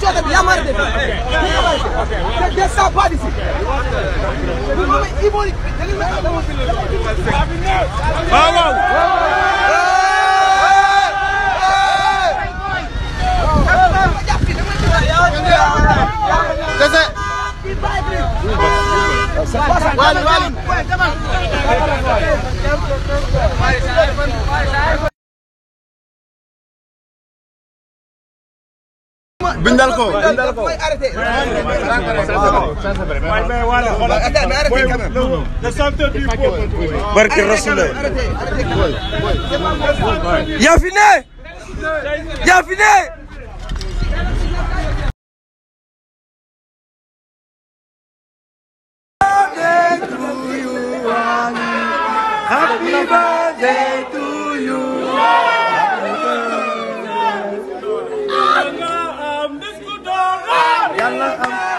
coono bi yaa maa def te des saa pas d'ici. waaw waaw. Waly Waly bindal ko bindal ko arrêté le centre du peuple barke Rasul yaa fi ne yaa fi ne Happy birthday to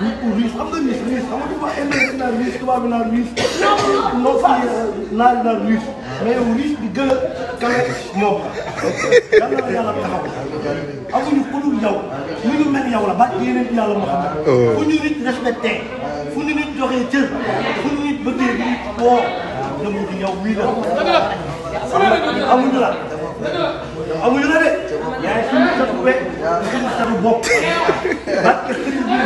nit ku riche am nga riche riche xam nga du ma indee naan riche tubaab bi naan riche. non si naaj naan riche. mais yow riche bi gën a kawe moom la. yàlla na yàlla taxaw. amuñu ku dul yow. ñu ngi mel yow la ba yeneen yàlla moo xam. Oh. fu ñu nit respecté. fu ñu nit joxee cër. fu ñu nit bëggee nit boo. demul ci yow mii la. amuñu la. amuñu la de. yaay suñu satu be suñu satu bopp.